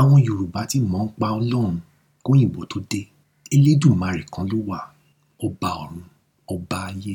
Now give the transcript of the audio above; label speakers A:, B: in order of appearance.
A: Àwọn Yorùbá ti mọ̀ ọ́n pa Ọlọ́run kóyìnbó tó dé. Elédùmarè kan ló wà, ọba ọ̀run, ọba ayé